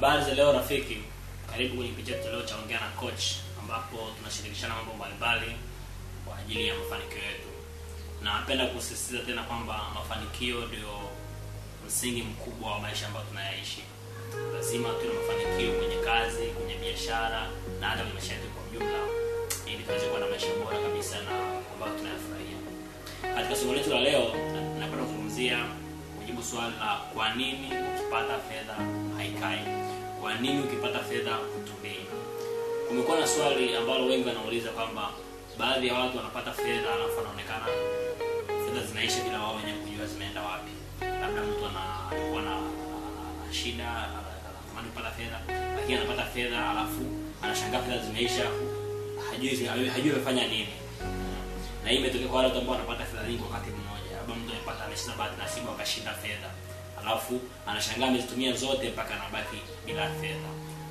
Habari za leo rafiki, karibu kwenye kipindi chetu leo cha ongea na coach, ambapo tunashirikishana mambo mbalimbali kwa ajili ya mafanikio yetu, na napenda kusisitiza tena kwamba mafanikio ndio msingi mkubwa wa maisha ambayo tunayaishi. Lazima tuwe na mafanikio kwenye kazi, kwenye biashara na hata kwenye maisha yetu kwa ujumla, ili tuweze kuwa na maisha bora kabisa na ambayo tunayafurahia. Katika somo letu la leo, napenda kuzungumzia kujibu swali la kwa nini ukipata fedha haikai, kwa nini ukipata fedha hutumii? Kumekuwa na swali ambalo wengi wanauliza kwamba baadhi ya watu wanapata fedha alafu anaonekana fedha zinaisha bila wao wenyewe kujua zimeenda wapi. Labda mtu anakuwa na shida anatamani kupata fedha, lakini anapata fedha alafu anashangaa fedha zimeisha, hajui hajui amefanya nini. Na hii imetokea kwa wale watu ambao wanapata fedha nyingi wakati mmoja, labda mtu amepata ameshinda bahati nasibu akashinda fedha alafu anashangaa amezitumia zote mpaka anabaki bila fedha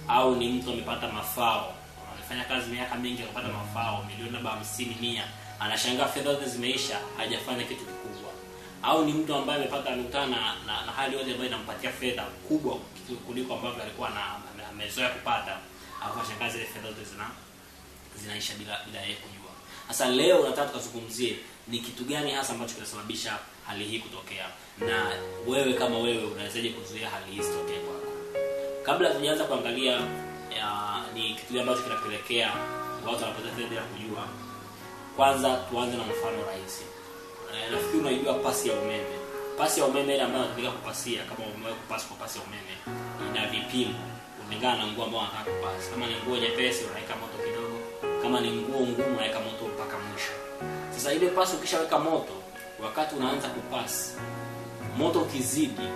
au ni mtu amepata mafao amefanya kazi miaka mingi akapata mafao milioni labda hamsini mia anashangaa fedha zote zimeisha hajafanya kitu kikubwa au ni mtu ambaye amepata amekutana na, na, na hali yote ambayo inampatia fedha kubwa kuliko ambavyo alikuwa na amezoea kupata alafu zile fedha zote zina zinaisha bila bila yeye kujua sasa leo nataka tukazungumzie ni kitu gani hasa ambacho kinasababisha hali hii kutokea, na wewe kama wewe unawezaje kuzuia hali hii isitokee kwako. Kabla tujaanza kuangalia ya, ni kitu ambacho kinapelekea watu wanapoteza fedha bila kujua, kwanza tuanze na mfano rahisi. E, nafikiri unaijua pasi ya umeme. Pasi ya umeme ile ambayo unatumika kupasia, kama umewahi kupasi kwa pasi ya umeme, ina vipimo kulingana na nguo ambayo unataka kupasi. Kama ni nguo nyepesi unaweka moto kidogo, kama ni nguo ngumu unaweka moto mpaka mwisho. Sasa ile pasi ukishaweka moto wakati unaanza kupasi moto ukizidi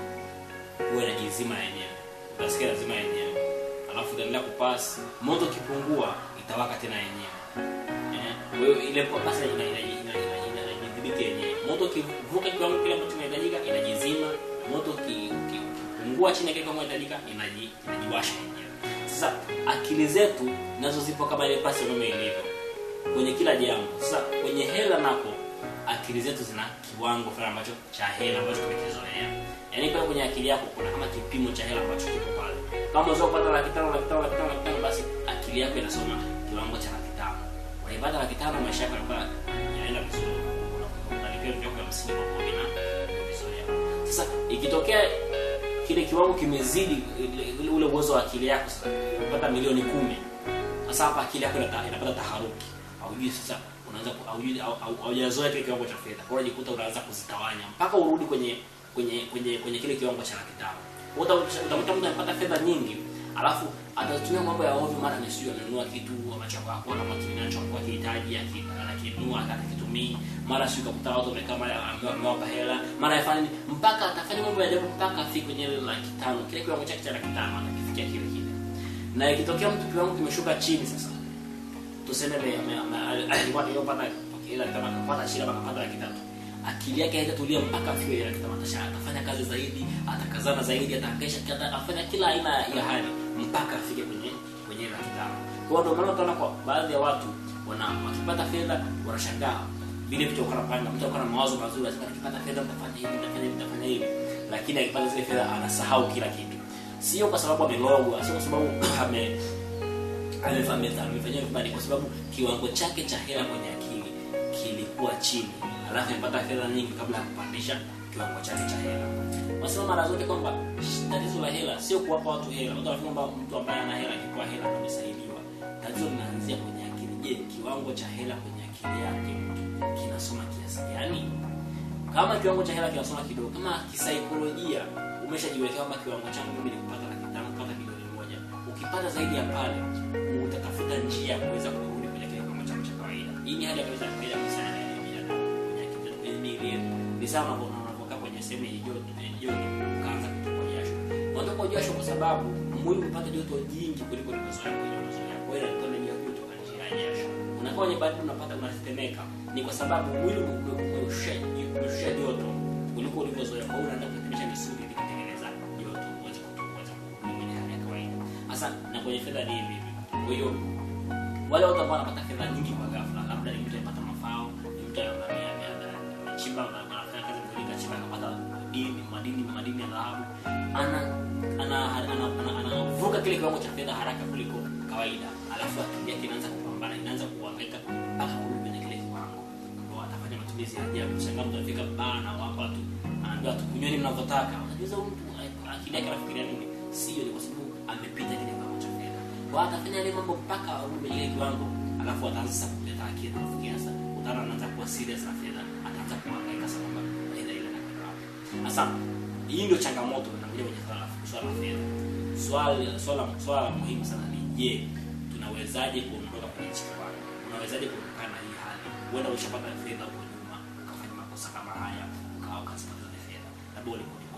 huwa inajizima yenyewe utasikia lazima yenyewe alafu utaendelea kupasi moto ukipungua itawaka tena yenyewe kwa eh? hiyo ile pasi inajidhibiti yenyewe moto ukivuka kiwango kile ambacho kinahitajika inajizima moto ukipungua chini ya kile kiwango kinahitajika inajiwasha yenyewe sasa akili zetu nazo zipo kama ile pasi umeme ilivyo kwenye kila jambo sasa kwenye hela nako akili zetu zina kiwango fulani ambacho cha hela ambacho tumekizoea yaani kwa kwenye akili yako kuna kama kipimo cha hela ambacho kipo pale kama unaweza kupata laki tano laki tano laki tano laki tano basi akili yako inasoma kiwango cha laki tano unaipata laki tano maisha yako yanakuwa yanaenda vizuri unalipia vitu vya msingi kwa vina vizoea sasa ikitokea kile kiwango kimezidi ule uwezo wa akili yako sasa unapata milioni kumi sasa hapa akili yako inapata taharuki haujui sasa unaanza haujazoea kile kiwango cha fedha, kwa unajikuta unaanza kuzitawanya mpaka urudi kwenye kwenye kwenye kwenye kile kiwango cha laki tano. Utakuta mtu anapata fedha nyingi, alafu atatumia mambo ya ovyo, mara mesiu amenunua kitu ambacho hakuwa na matumaini nacho kwa kihitaji, akinunua akakitumii, mara sio kukuta watu wamekaa, mara amewapa hela, mara yafanya nini mpaka atafanya mambo ya ajabu mpaka afike kwenye ile laki tano, kile kiwango cha laki tano atakifikia kile kile. Na ikitokea mtu kiwango kimeshuka chini sasa tuseme aliwahi yopata ila kama kapata shida kama kapata laki tatu akili yake haitatulia mpaka afike ile laki tatu atafanya kazi zaidi atakazana zaidi atahakisha afanya kila aina ya hali mpaka afike kwenye kwenye laki tano kwa ndo maana tunaona kwa baadhi ya watu wana wakipata fedha wanashangaa vile vitu wakawa wanapanga mtu akawa mawazo mazuri lazima nikipata fedha mtafanya hivi mtafanya hivi mtafanya hivi lakini akipata zile fedha anasahau kila kitu sio kwa sababu amelogwa sio kwa sababu ame amefanya methali amefanyia vibaya kwa sababu kiwango chake cha hela kwenye akili kilikuwa chini alafu amepata hela nyingi kabla ya kupandisha kiwango chake cha hela wasema mara zote kwamba tatizo la hela sio kuwapa watu hela watu wanafika kwamba mtu ambaye ana hela akipewa hela amesaidiwa tatizo linaanzia kwenye akili je kiwango cha hela kwenye akili yake kinasoma kiasi gani kama kiwango cha hela kinasoma kidogo kama kisaikolojia umeshajiwekea kwamba kiwango changu mimi ni kupata laki tano kupata milioni moja ukipata zaidi ya pale hakuna njia ya kuweza kurudi kwenye kiwango chako cha kawaida. Hii ni hali ya kuweza kuweza kuhusiana na kwenye kitu ni ni sawa na unapokaa kwenye sehemu yenye joto joto ukaanza kutoka jasho. Unatoka jasho kwa sababu mwili unapata joto jingi kuliko limezoea kwenye mazoea yako. Wewe unatoka na joto njia ya jasho. Unakuwa kwenye baridi unapata unatetemeka. Ni kwa sababu mwili umekusha joto kuliko ulivyozoea. Kwa hiyo unaenda kutetemesha misuli ili kutengeneza joto kuweza kutoka kwenye hali ya kawaida. Hasa na kwenye fedha ni hivi. Kwa hiyo wale watu ambao wanapata fedha nyingi kwa ghafla, labda ni mtu anapata mafao, ni mtu amechimba, anafanya kazi nzuri, kachimba akapata madini, madini, madini ya dhahabu, anavuka kile kiwango cha fedha haraka kuliko kawaida, alafu akili yake inaanza kupambana, inaanza kuwaweka mpaka kurudi kwenye kile kiwango, ambao atafanya matumizi ya ajabu. Shangaa mtu anafika baa na wapo watu, anaambia watu kunyweni mnavyotaka, unajiuliza mtu eh, akili yake anafikiria nini? Sio, ni kwa sababu amepita watafanya yale mambo mpaka ile kiwango, alafu ataanza sasa kuleta akili. sasa utara anaanza kuwa serious na fedha, ataanza kuhangaika sana kwa fedha ile Sasa hii ndio changamoto inakuja kwenye swala swala la fedha. swali swala swala muhimu sana ni je, tunawezaje kuondoka kwenye kwa tunawezaje kuondoka na hii hali? wewe ushapata fedha kwa nyuma ukafanya makosa kama haya ukawa ukazipoteza fedha, labda ulikuwa kwa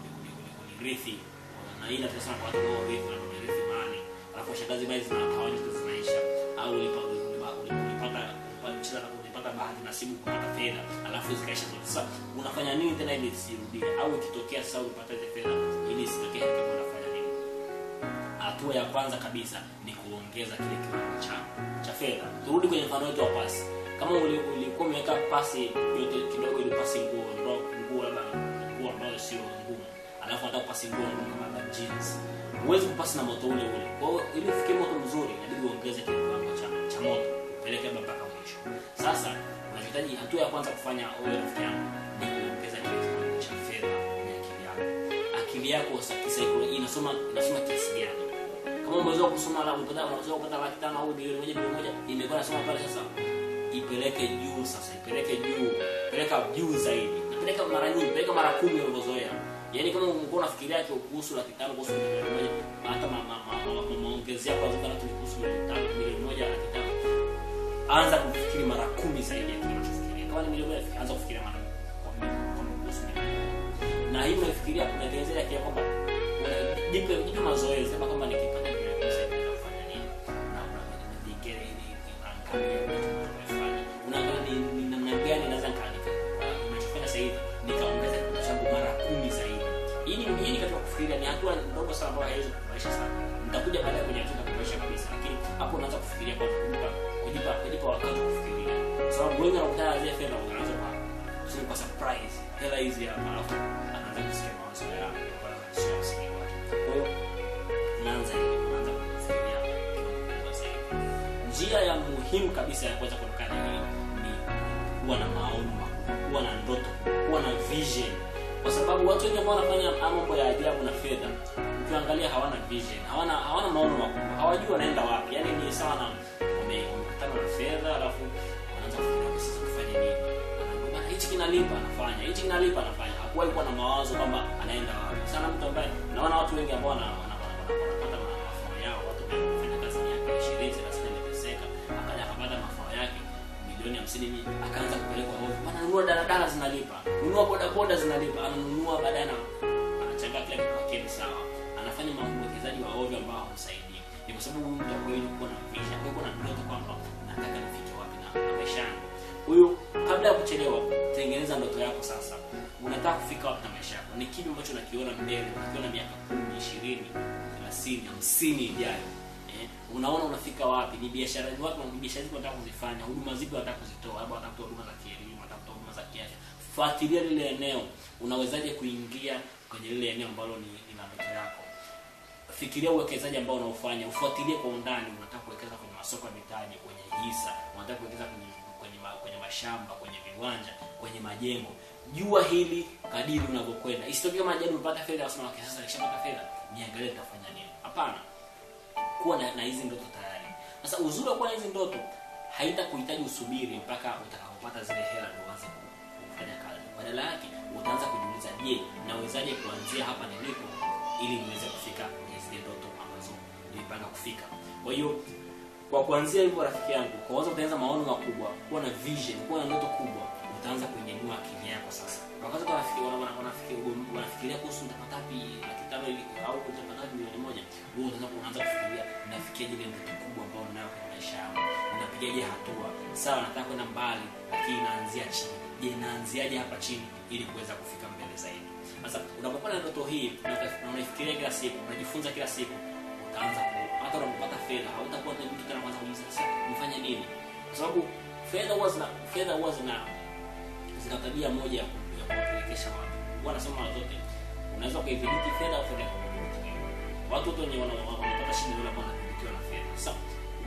na kwa natasema kwa watu wao Shangazi mali hawaji kufurahisha, au ulipata bahati nasibu kupata fedha alafu zikaisha zote. Sasa unafanya nini tena ili zisirudie? Au ikitokea sasa ulipata ile fedha ili isitokee hata kama unafanya nini? Hatua ya kwanza kabisa ni kuongeza kile kiwango cha cha fedha. Turudi kwenye mfano wetu wa pasi. Kama ulikuwa umeweka pasi yote kidogo, ile pasi nguo ndogo, nguo labda nguo ambayo sio ngumu alafu anataka kupasi nguo ngumu kama bad jeans, huwezi kupasi na moto ule ule. Kwa hiyo ili ufike moto mzuri, inabidi uongeze kiwango cha cha moto, peleke labda mpaka mwisho. Sasa unahitaji hatua ya kwanza kufanya wewe rafiki yangu ni kuongeza kile kiwango cha fedha kwenye akili yako. Akili yako sasa kisaikolojia inasoma inasoma kiasi gani? Kama unaweza kusoma la kupata unaweza kupata laki tano au bilioni moja bilioni moja imekuwa nasoma pale sasa ipeleke juu sasa, ipeleke juu, peleka juu zaidi, peleka mara nyingi, peleka mara kumi ulivyozoea. Yaani kama ungekuwa unafikiria kuhusu laki tano kuhusu milioni moja hata mama mama maongezi kwa azika na kuhusu milioni tano milioni moja laki tano anza kufikiri mara kumi zaidi ya kile unachofikiria. Kama ni milioni moja anza kufikiria mara kumi kuhusu milioni na hii unafikiria kunatengeneza yake kwamba jipe jipe mazoezi kama kama nikipata milioni moja nitafanya nini na unafanya nini nyinyi nyinyi katika kufikiria ni hatua ndogo sana ambayo haiwezi kufurahisha sana. Nitakuja baada ya hatua kufurahisha kabisa, lakini hapo unaanza kufikiria kwa kujipa kujipa kujipa wakati kufikiria, kwa sababu wengi wanakutana na zile fedha wanaanza kwa kusema kwa surprise, hela hizi ya alafu anaanza kusikia mawazo ya kwa sio Kwa hiyo unaanza unaanza kufikiria njia ya muhimu kabisa ya kuweza kuondokana ni kuwa na maono, makubwa, kuwa na ndoto, kuwa na vision kwa sababu watu wengi ambao wanafanya mambo ya ajabu na fedha ukiangalia hawana vision hawana hawana maono makubwa hawajui wanaenda wapi yani ni sawa na wamekutana na fedha alafu wanaanza kufikiria sasa tufanye nini bana hichi kinalipa anafanya hichi kinalipa anafanya hakuwahi kuwa na mawazo kwamba anaenda wapi sana mtu ambaye naona watu wengi ambao wana wana wana milioni hamsini hivi akaanza kupelekwa hofu ananunua daladala zinalipa nunua bodaboda zinalipa ananunua baadaye na anachanga kila kitu kwake sawa anafanya mawekezaji wa ovyo ambao hamsaidii ni kwa sababu huyu mtu akweli kuwa na visha kwa na ndoto kwamba nataka nifike wapi na, na maisha yangu huyu kabla ya kuchelewa tengeneza ndoto yako sasa unataka kufika wapi na maisha yako ni kipi ambacho nakiona mbele nakiona miaka kumi ishirini thelathini hamsini ijayo eh, unaona unafika wapi, ni biashara ni watu ni biashara zipi wanataka kuzifanya, huduma zipi wanataka kuzitoa, labda wanatafuta huduma za kielimu, kutoa huduma za kiafya. Fuatilia lile eneo, unawezaje kuingia kwenye lile eneo ambalo ni lina ndoto yako. Fikiria uwekezaji ambao unaofanya, ufuatilie kwa undani. Unataka kuwekeza kwenye masoko ya mitaji, kwenye hisa, unataka kuwekeza kwenye kwenye, ma, kwenye mashamba, kwenye viwanja, kwenye majengo. Jua hili kadiri unavyokwenda, isitokee kama jana umepata fedha, unasema okay, sasa nishapata fedha, niangalie nitafanya nini. Hapana kuwa na, na hizi ndoto tayari. Sasa uzuri wa kuwa na hizi ndoto haita kuhitaji usubiri mpaka utakapopata zile hela ndio uanze kufanya kazi. Badala yake utaanza kujiuliza, je, nawezaje kuanzia hapa nilipo ili niweze kufika kwenye zile ndoto ambazo nilipanga kufika. Kwa hiyo kwa kuanzia hivyo, rafiki yangu, kwa kwanza utaanza maono makubwa, kuwa na vision, kuwa na ndoto kubwa, utaanza kuinyanyua akili yako sasa. Wakati wanafikiria kuhusu mtapata wapi tano au kutangaza milioni moja, wewe unaweza kuanza kufikiria nafikiaje ile ndoto kubwa ambayo ninayo kwa maisha yangu, napigaje hatua? Sawa, nataka kwenda mbali, lakini naanzia chini. Je, naanziaje hapa chini ili kuweza kufika mbele zaidi? Sasa unapokuwa na ndoto hii na unaifikiria kila siku, unajifunza kila siku, utaanza hata unapopata fedha hautakuwa na mtu tena kwanza kujiuliza sasa nifanye nini, kwa sababu fedha huwa zina fedha huwa zina zina tabia moja ya kuwapelekesha watu. Huwa nasema watu wote unaweza kuidhibiti fedha au fedha ikakudhibiti watu wote wenye wanapata shida wale ambao wanadhibitiwa na fedha sasa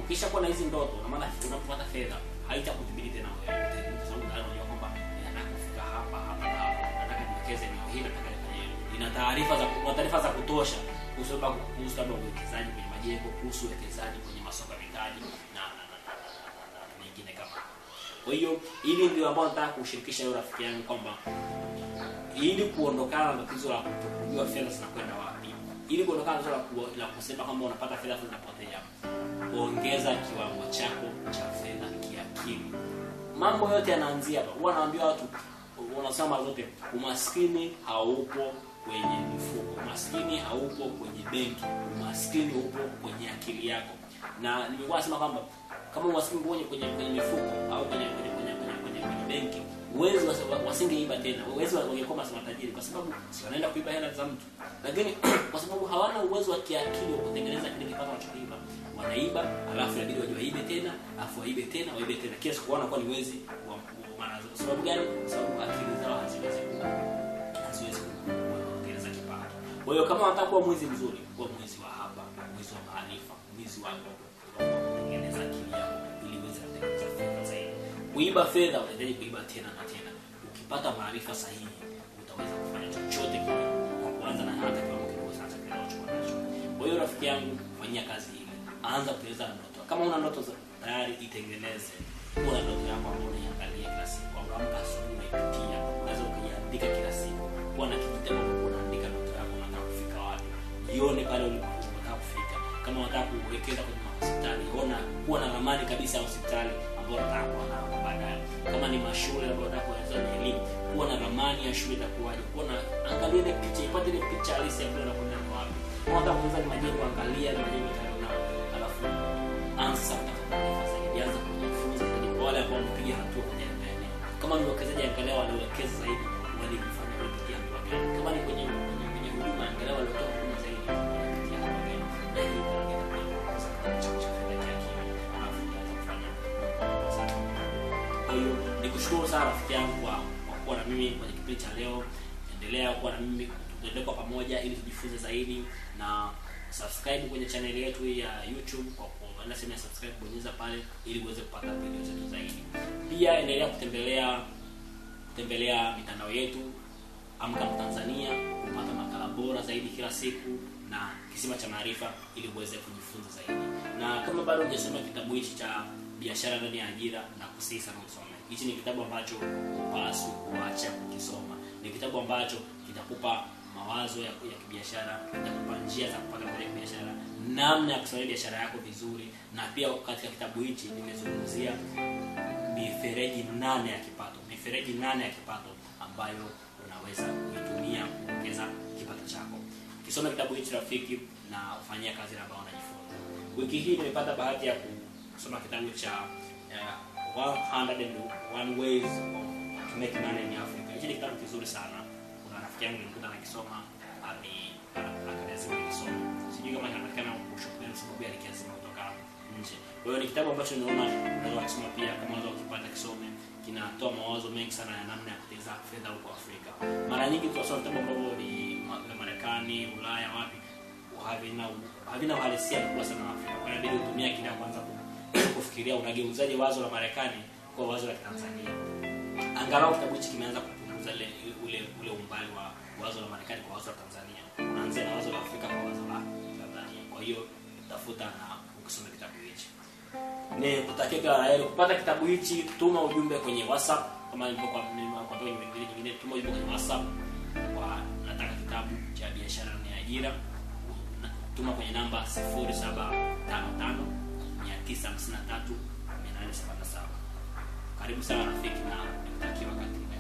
ukisha kuwa na hizi ndoto na maana unapopata fedha haitakudhibiti tena wewe kwa sababu ndio unajua kwamba nataka kufika hapa hapa na hapa nataka niwekeze eneo hili nataka nifanye ina taarifa za kwa taarifa za kutosha kuhusu kuhusu labda uwekezaji kwenye majengo kuhusu uwekezaji kwenye masoko ya mitaji kwa hiyo hili ndio ambao nataka kushirikisha yule rafiki yangu kwamba ili kuondokana na tatizo la kujua fedha zinakwenda wapi, ili kuondokana na tatizo la la kusema kwamba unapata fedha zinapotea, ongeza kiwango chako cha fedha kiakili. Mambo yote yanaanzia hapa. Huwa naambia watu unasema zote, umaskini haupo kwenye mfuko umaskini haupo kwenye benki, umaskini upo kwenye akili yako, na nimekuwa nasema kwamba kama wasinge kwenye kwenye mifuko au kwenye kwenye kwenye kwenye kwenye, kwenye benki uwezi wasingeiba tena, uwezi wangekuwa matajiri, kwa sababu si wanaenda kuiba hela za mtu, lakini kwa sababu hawana uwezo wa kiakili wa kutengeneza kile kipato wanachoiba, wanaiba alafu inabidi wajiwaibe tena, alafu waibe tena, waibe tena, kila siku wanaona ni wezi wa marazo. Sababu gani? Sababu akili zao haziwezi haziwezi kutengeneza kipato. Kwa hiyo kama wanataka kuwa mwizi mzuri, kuwa mwizi wa hapa, mwizi wa maarifa, mwizi wa ngoma kuiba fedha unahitaji kuiba tena na tena. Ukipata maarifa sahihi, utaweza kufanya chochote kile, kwa kuanza na hata kiwango kidogo sana cha kinachokuwa nacho. Kwa hiyo rafiki yangu, fanyia kazi hii anza kueleza ndoto. Kama una ndoto tayari, itengeneze. Kuna ndoto yako ambayo unaiangalia kila siku, ambayo amka asubuhi unaipitia, unaweza ukaiandika kila siku. kwa na kijitabu kuandika ndoto yako, unataka kufika wapi, jione pale ulipotaka kufika. Kama unataka kuwekeza kwenye hospitali, ona kuwa na ramani kabisa ya hospitali takwa hapo baadaye kama ni mashule ambayo mliotakwa kuanzia elimu kuwa na ramani ya shule itakuwaje kuwa na angalia ile picha ipate ile picha halisi ambayo kule unakwenda ni wapi mwanza kuanza ni majengo angalia ni majengo tayari alafu ansa sasa kutaka zaidi kujifunza kwa wale ambao wamepiga hatua kwenye eneo kama ni wakazaji angalia wale wakeza zaidi mimi kwenye kipindi cha leo. Endelea kuwa na mimi, tuendelee kwa pamoja ili tujifunze zaidi, na subscribe kwenye channel yetu ya YouTube kwa kuangalia sehemu ya subscribe, bonyeza pale ili uweze kupata video zetu zaidi. Pia endelea kutembelea kutembelea mitandao yetu Amka Mtanzania kupata makala bora zaidi kila siku na kisima cha maarifa ili uweze kujifunza zaidi. Na kama bado hujasoma kitabu hichi cha biashara ndani ya ajira na kusihi sana usome hichi ni kitabu ambacho upaswi kuacha kukisoma ni kitabu ambacho kitakupa mawazo ya, ya kibiashara kitakupa njia za kupata faida biashara namna ya kusimamia biashara yako vizuri na pia katika kitabu hichi nimezungumzia mifereji nane ya kipato mifereji nane ya kipato ambayo unaweza kuitumia kuongeza kipato chako kisoma kitabu hichi rafiki na ufanyia kazi ambayo unajifunza wiki hii nimepata bahati ya ku kusoma kitabu cha uh, eh, 101 ways to make money in Africa. Hichi ni kitabu kizuri sana. Kuna rafiki yangu nilikuta nakisoma ali akadazima kusoma. Sijui kama kinapatikana kushukuru sababu ya alikiazima kutoka nje. Kwa hiyo ni kitabu ambacho ninaona unaweza kusoma pia kama unaweza kupata kisome kinatoa mawazo mengi sana ya namna ya kutengeneza fedha huko Afrika. Mara nyingi tunasoma vitabu ambavyo ni Marekani, Ulaya, wapi havina havina uhalisia mkubwa sana Afrika. Kwa hiyo inabidi utumie kile kwanza kufikiria unageuzaje wazo la Marekani kwa wazo la Tanzania. Angalau kitabu hichi kimeanza kupunguza ile ule ule umbali wa wazo la Marekani kwa wazo la Tanzania. Unaanzia na wazo la Afrika kwa wazo la Tanzania. Kwa hiyo tafuta na ukisoma kitabu hichi. Ni kutakia kila la Kupata kitabu hichi, tuma ujumbe kwenye WhatsApp kama nilivyokuwa nimekuambia kwenye video nyingine, tuma ujumbe kwenye WhatsApp kwa nataka kitabu cha biashara na ajira. Tuma kwenye namba 0755 953 877. Karibu sana rafiki, na nikutakia wakati mwema.